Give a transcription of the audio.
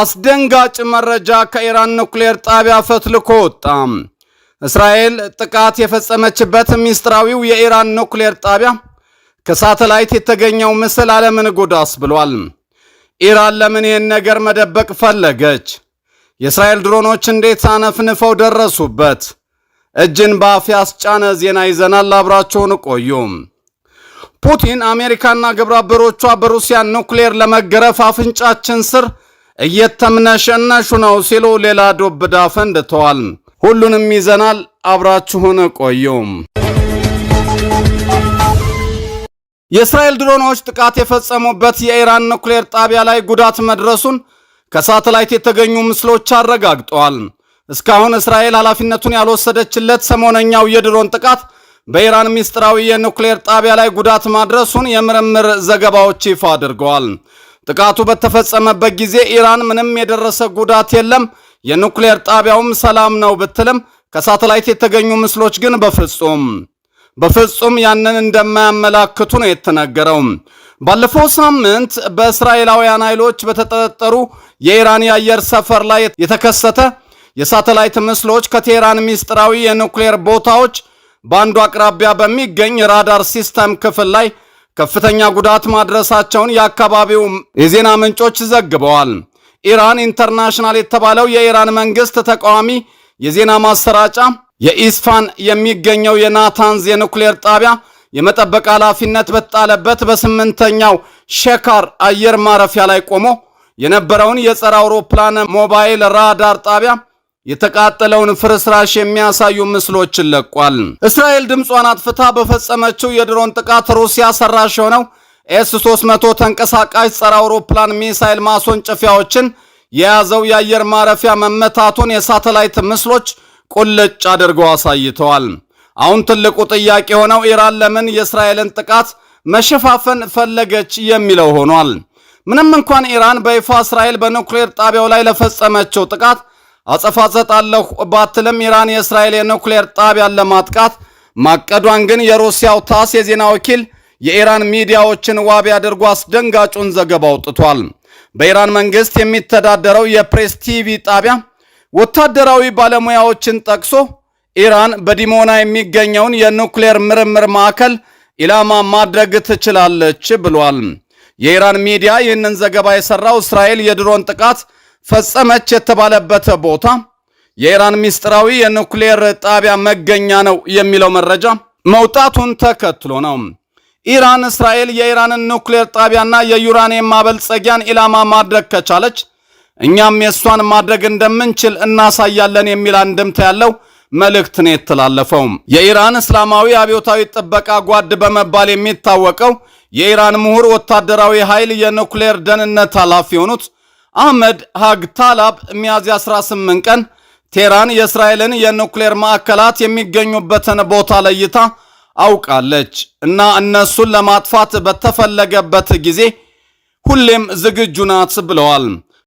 አስደንጋጭ መረጃ ከኢራን ኑክሌር ጣቢያ ፈትልኮ ወጣም። እስራኤል ጥቃት የፈጸመችበት ሚስጥራዊው የኢራን ኑክሌር ጣቢያ ከሳተላይት የተገኘው ምስል ዓለምን ጎዳስ ብሏል። ኢራን ለምን ይህን ነገር መደበቅ ፈለገች? የእስራኤል ድሮኖች እንዴት አነፍንፈው ደረሱበት? እጅን በአፍ ያስጫነ ዜና ይዘናል። አብራችሁን ቆዩ። ፑቲን አሜሪካና ግብረ አበሮቿ በሩሲያ ኑክሌር ለመገረፍ አፍንጫችን ስር እየተምነሸነሹ ነው ሲሉ ሌላ ዶብ ዕዳ ፈንድተዋል። ሁሉንም ይዘናል። አብራችሁን ቆዩ። የእስራኤል ድሮኖች ጥቃት የፈጸሙበት የኢራን ኑክሌር ጣቢያ ላይ ጉዳት መድረሱን ከሳተላይት የተገኙ ምስሎች አረጋግጠዋል። እስካሁን እስራኤል ኃላፊነቱን ያልወሰደችለት ሰሞነኛው የድሮን ጥቃት በኢራን ምስጢራዊ የኑክሌር ጣቢያ ላይ ጉዳት ማድረሱን የምርምር ዘገባዎች ይፋ አድርገዋል። ጥቃቱ በተፈጸመበት ጊዜ ኢራን ምንም የደረሰ ጉዳት የለም፣ የኑክሌር ጣቢያውም ሰላም ነው ብትልም ከሳተላይት የተገኙ ምስሎች ግን በፍጹም በፍጹም ያንን እንደማያመላክቱ ነው የተነገረው። ባለፈው ሳምንት በእስራኤላውያን ኃይሎች በተጠረጠሩ የኢራን የአየር ሰፈር ላይ የተከሰተ የሳተላይት ምስሎች ከቴህራን ሚስጥራዊ የኑክሌር ቦታዎች በአንዱ አቅራቢያ በሚገኝ ራዳር ሲስተም ክፍል ላይ ከፍተኛ ጉዳት ማድረሳቸውን የአካባቢው የዜና ምንጮች ዘግበዋል። ኢራን ኢንተርናሽናል የተባለው የኢራን መንግስት ተቃዋሚ የዜና ማሰራጫ የኢስፋን የሚገኘው የናታንዝ የኑክሌር ጣቢያ የመጠበቅ ኃላፊነት በተጣለበት በስምንተኛው ሼካር አየር ማረፊያ ላይ ቆሞ የነበረውን የጸረ አውሮፕላን ሞባይል ራዳር ጣቢያ የተቃጠለውን ፍርስራሽ የሚያሳዩ ምስሎችን ለቋል። እስራኤል ድምጿን አጥፍታ በፈጸመችው የድሮን ጥቃት ሩሲያ ሰራሽ የሆነው ኤስ 300 ተንቀሳቃሽ ጸረ አውሮፕላን ሚሳይል ማስወንጨፊያዎችን የያዘው የአየር ማረፊያ መመታቱን የሳተላይት ምስሎች ቁልጭ አድርገው አሳይተዋል። አሁን ትልቁ ጥያቄ የሆነው ኢራን ለምን የእስራኤልን ጥቃት መሸፋፈን ፈለገች የሚለው ሆኗል። ምንም እንኳን ኢራን በይፋ እስራኤል በኑክሌር ጣቢያው ላይ ለፈጸመችው ጥቃት አጸፋ ሰጣለሁ ባትልም ኢራን የእስራኤል የኑክሌር ጣቢያን ለማጥቃት ማቀዷን ግን የሩሲያው ታስ የዜና ወኪል የኢራን ሚዲያዎችን ዋቢ አድርጎ አስደንጋጩን ዘገባ አውጥቷል። በኢራን መንግስት የሚተዳደረው የፕሬስ ቲቪ ጣቢያ ወታደራዊ ባለሙያዎችን ጠቅሶ ኢራን በዲሞና የሚገኘውን የኑክሌር ምርምር ማዕከል ኢላማ ማድረግ ትችላለች ብሏል። የኢራን ሚዲያ ይህንን ዘገባ የሰራው እስራኤል የድሮን ጥቃት ፈጸመች የተባለበት ቦታ የኢራን ምስጢራዊ የኑክሌር ጣቢያ መገኛ ነው የሚለው መረጃ መውጣቱን ተከትሎ ነው። ኢራን እስራኤል የኢራንን ኑክሌር ጣቢያና የዩራኒየም ማበልጸጊያን ኢላማ ማድረግ ከቻለች እኛም የእሷን ማድረግ እንደምንችል እናሳያለን የሚል አንድምታ ያለው መልእክት ነው የተላለፈው። የኢራን እስላማዊ አብዮታዊ ጥበቃ ጓድ በመባል የሚታወቀው የኢራን ምሁር ወታደራዊ ኃይል የኑክሌር ደህንነት ኃላፊ የሆኑት አህመድ ሃግ ታላብ ሚያዝያ 18 ቀን ቴህራን የእስራኤልን የኑክሌር ማዕከላት የሚገኙበትን ቦታ ለይታ አውቃለች እና እነሱን ለማጥፋት በተፈለገበት ጊዜ ሁሌም ዝግጁ ናት ብለዋል።